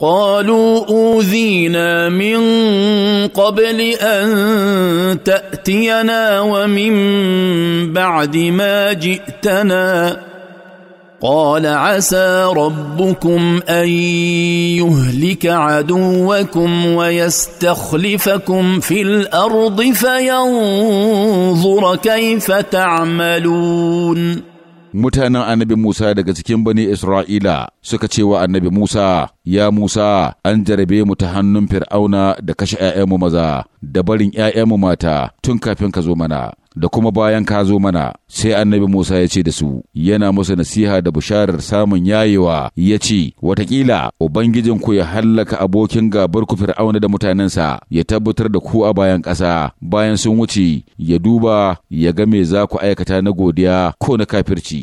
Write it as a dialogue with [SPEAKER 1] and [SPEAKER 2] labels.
[SPEAKER 1] قالوا اوذينا من قبل ان تاتينا ومن بعد ما جئتنا قال عسى ربكم ان يهلك عدوكم ويستخلفكم في الارض فينظر كيف تعملون
[SPEAKER 2] mutanen annabi Musa daga cikin bani Isra'ila suka ce wa annabi Musa, Ya Musa, an jarabe mu ta hannun Fir'auna da kashe ‘ya'yanmu maza, da barin ‘ya'yanmu mata tun kafin ka zo mana. da kuma bayan ka zo mana sai annabi Musa ya ce da su yana musu nasiha da bisharar samun yayewa ya ce watakila ubangijinku ya hallaka abokin gabar ku fir'auna da mutanensa ya tabbatar da ku a bayan ƙasa bayan sun wuce ya duba ya ga me za ku aikata na godiya ko na kafirci